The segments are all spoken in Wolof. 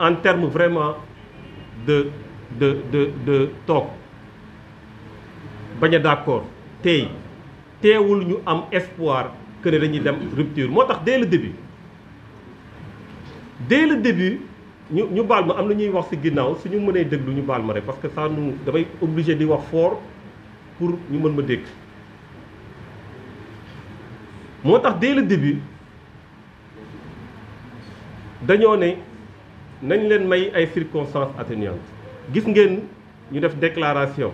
en termes vraiment de de de de toog bañ a d'accord tey teewul ñu am espoir que ne dañuy dem rupture Moi, dès le début dès le début ñu ñu baal ma am na ñuy wax ci ginnaaw suñu mënee déglu ñu baal ma rek parce que ça nous damay obligé di wax fort pour ñu mën ma Moi, moo dès le début dañoo ne. Nous avons may circonstances atténuantes gis ngeen ñu déclaration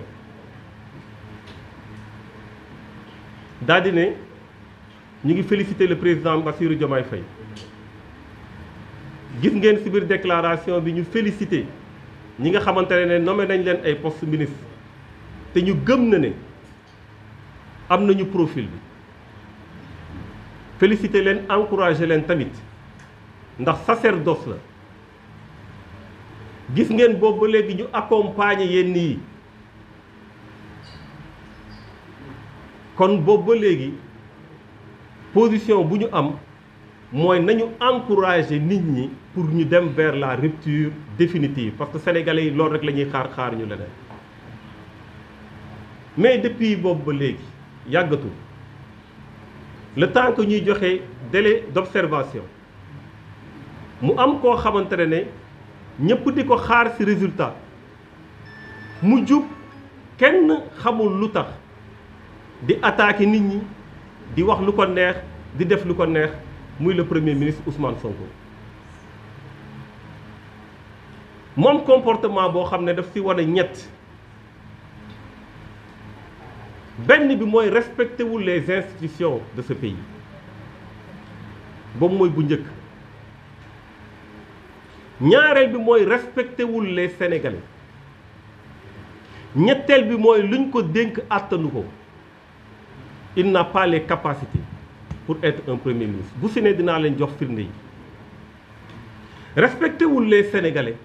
Nous di le président Bassirou Diomaye Faye gis déclaration bi ñu féliciter ñi nga ne nommé ministre ñu gëm na profil bi féliciter leen encourager leen tamit ndax sacerdoce gis ngeen boobu ba léegi ñu accompagner yenn yi kon boobu ba léegi position bu ñu am mooy nañu encourager nit ñi pour ñu dem vers la rupture définitive parce que sénégalais yi loolu rek la ñuy xaar xaar ñu leneen mais depuis boobu ba léegi yàggatul le temps que ñuy joxe délai d'observation mu am koo xamante ne ñëpp di ko xaar ci résultat mu jub kenn xamul lu tax di attaquer nit ñi di wax lu ko neex di def lu ko neex muy le premier ministre Ousmane Sonko moom comportement boo xam ne daf ci wane ñett benn bi mooy respecté wul les institutions de ce pays boobu mooy bu njëkk ñaareel bi moy respecté wul les sénégalais ñettel bi moy luñ ko denk attanu ko il n'a pas les capacités pour être un premier ministre bu si dina len jox firnde yi respecté wul les sénégalais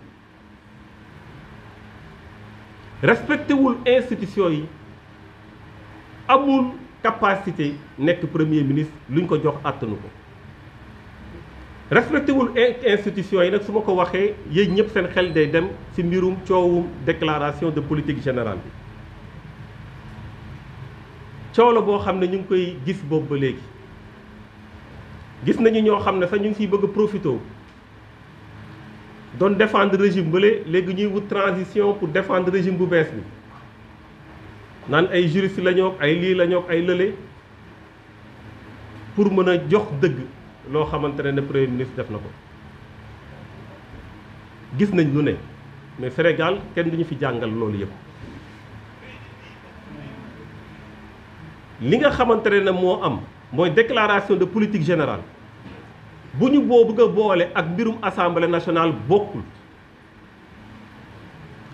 respecté wul institution yi amul capacité nek premier ministre luñ ko jox attanu ko. respecté wul institution yi nag su ma ko waxee yéen ñëpp seen xel day dem ci mbirum coowum déclaration de politique général bi coow la boo xam ne ñu ngi koy gis boobu ba léegi gis nañu ñoo xam ne sax ñu ngi siy bëgg a profité doon défendre régime bële léegi ñuy wut transition pour défendre régime bu bees bi naan ay juriste la ñoo ay lii la ñoo ay lële pour mën a jox dëgg. lo xamantene ne premier ministre def nako ko gis nañ lu ne mais Sénégal kenn duñu fi jàngal lolou yëpp li nga xamantene ne am moy déclaration de politique générale buñu bo boo bëgg a boole ak birum assemblée nationale bokul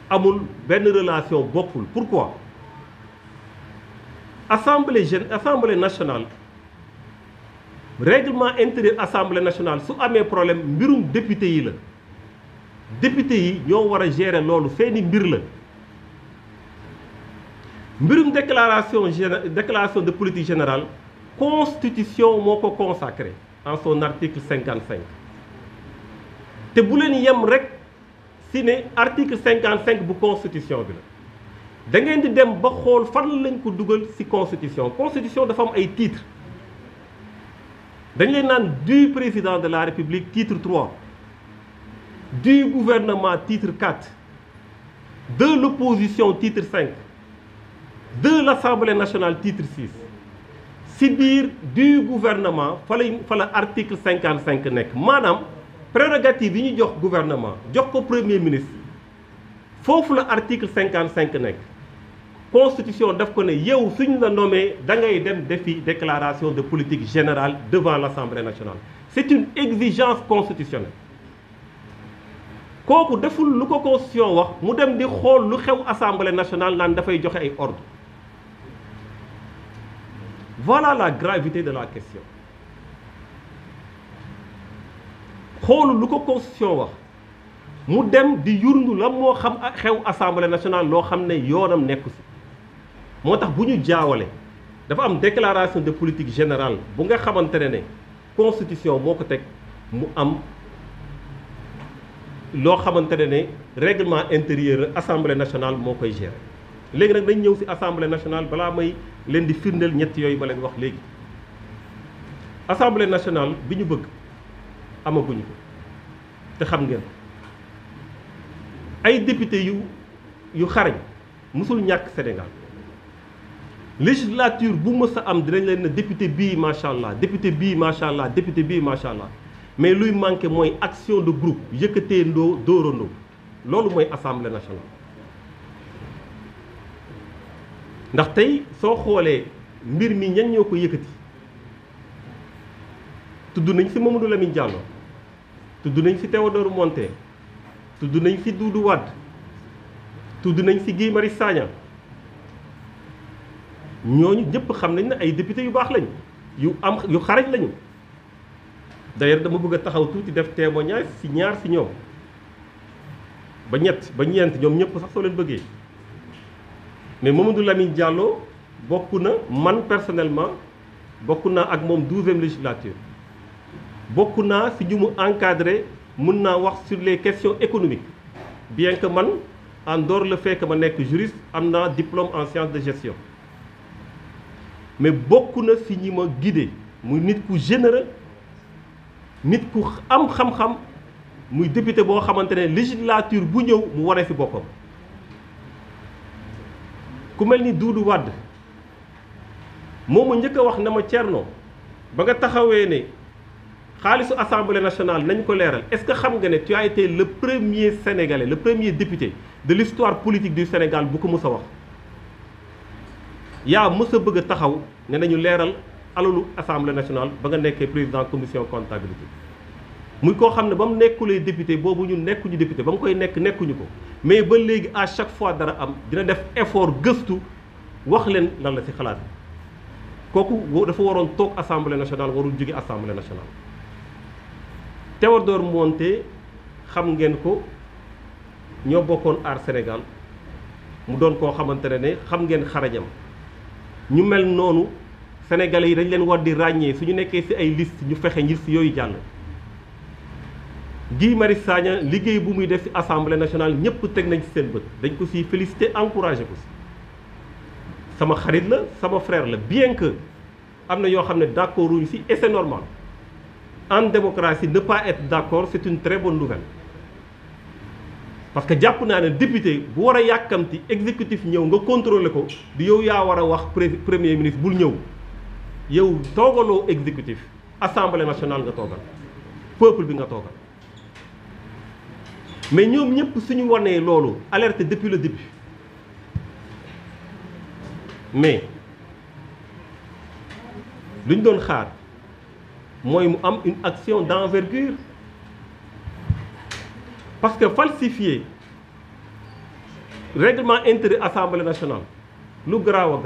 amul ben relation bokul pourquoi assemblée jeune assemblée nationale règlement intérieur l'Assemblée nationale su un problème mbirum député yi députés député yi ñoo war a gérer qui seeni mbir la mbirum déclaration déclaration de politique générale constitution est consacrée en son article 55 te bu leen yem article 55 de constitution la constitution. Vous di dem ba xool fan lañ La constitution constitution dafa am titre du président de la république titre 3 du gouvernement titre 4 de l'opposition titre 5 de l'assemblée nationale titre 6 si dire du gouvernement il faut l'article 55 Nek. prérogative du gouvernement jox premier ministre il faut l'article 55 constitution daf ko ne yow suñ la nommé da ngay dem déclaration de politique générale devant l'Assemblée nationale c'est une exigence constitutionnelle koku deful lu ko constitution wax mu dem di xol lu xew assemblée nationale da fay joxe ay ordre voilà la gravité de la question xol lu ko constitution wax mu dem di yurndu la mo xam xew assemblée nationale lo xamné ne nekku si moo tax bu ñu jaawale dafa am déclaration de politique générale bu nga xamante ne ne constitution moo ko teg mu am loo xamante ne ne règlement intérieur assemblée nationale moo koy ger léegi nag dañ ñëw ci assemblée nationale balaa may leen di firndeel ñett yooyu ba leen wax léegi assemblée nationale bi ñu bëgg amaguñu ko te xam ngeen ay député yu yu xarañ mosul ñàkk Sénégal législature bu mës a am dinañ leen ne député bii macha allah député bii macha allah député bii macha allah mais luy manqué mooy action de groupe yëkkatee ndoo dóorandoo loolu mooy assemblée nationale. ndax tey soo xoolee mbir mi ñan ñoo ko yëkkati tudd nañ ci Mamadou Lamine Diallo tudd nañ ci Théodore Monteil tudd nañ ci Doudou Wade tudd nañ ci Guy Marius Sagna. ñooñu ñëpp xam nañ ne ay député yu baax lañ yu am yu xarañ lañu d'ailleurs dama bëgg a taxaw tuuti def témoignage si ñaar si ñoom ba ñett ba ñeent ñoom ñëpp sax soo leen bëggee mais Mamadou Lamine jàlloo bokk na man personnellement bokk naa ak moom douzième législature bokk naa si ñu mu encadré mën naa wax sur les questions économiques bien que man en dehors le fait que ma nekk juriste am naa diplôme en sciences de gestion mais beaucoup de guidés, ma guidé muy nit ku généreux nit am xam-xam député ne législature bu ñëw mu fi Doudou nationale est-ce que tu as été le premier sénégalais le premier député de l'histoire politique du Sénégal Beaucoup ko yaa mës a bëgg a taxaw ne nañu leeral alalu assemble nationale ba nga nekkee président commission comptabilité muy koo xam ne ba mu nekkulee député boobu ñu nekkuñu député ba mu koy nekk nekkuñu ko mais ba léegi à chaque fois dara am dina def effort gëstu wax leen lan la ci xalaat kooku dafa waroon toog assemblée nationale warul jóge assemblée nationale Théodore Monteil xam ngeen ko ñoo bokkoon aar Sénégal mu doon koo xamante ne ne xam ngeen xarañam ñu mel les sénégalais yi dañ leen war liste ñu Guy Sagna bu muy def nationale ñëpp teg nañ ci seen bët dañ ko félicité encouragé ko bien que d'accord ici, et c'est normal en démocratie ne pas être d'accord c'est une très bonne nouvelle parce que jàpp naa ne député bu wara yakamti exécutif ñew nga contrôler ko di yow ya wara wax premier ministre bul ñew yow toogaloo exécutif assemblée nationale nga togal peuple bi nga togal mais ñom ñep suñu woné lolu alerte depuis le début mais luñ doon xaar moy mu am une action d'envergure parce que falsifier règlement intérieur assemblée nationale lu grave.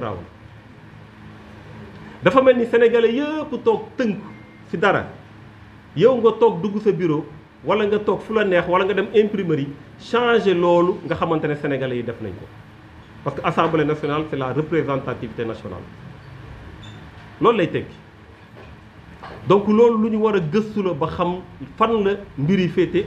dafa melni sénégalais yëpp tok teunk ci dara yow nga tok dugg sa bureau wala nga tok fula neex nga dem imprimerie changer lolu nga xamantene sénégalais yi def nañ ko parce que assemblée nationale c'est la représentativité nationale Non, lay tekki donc ce lu ñu war a fan et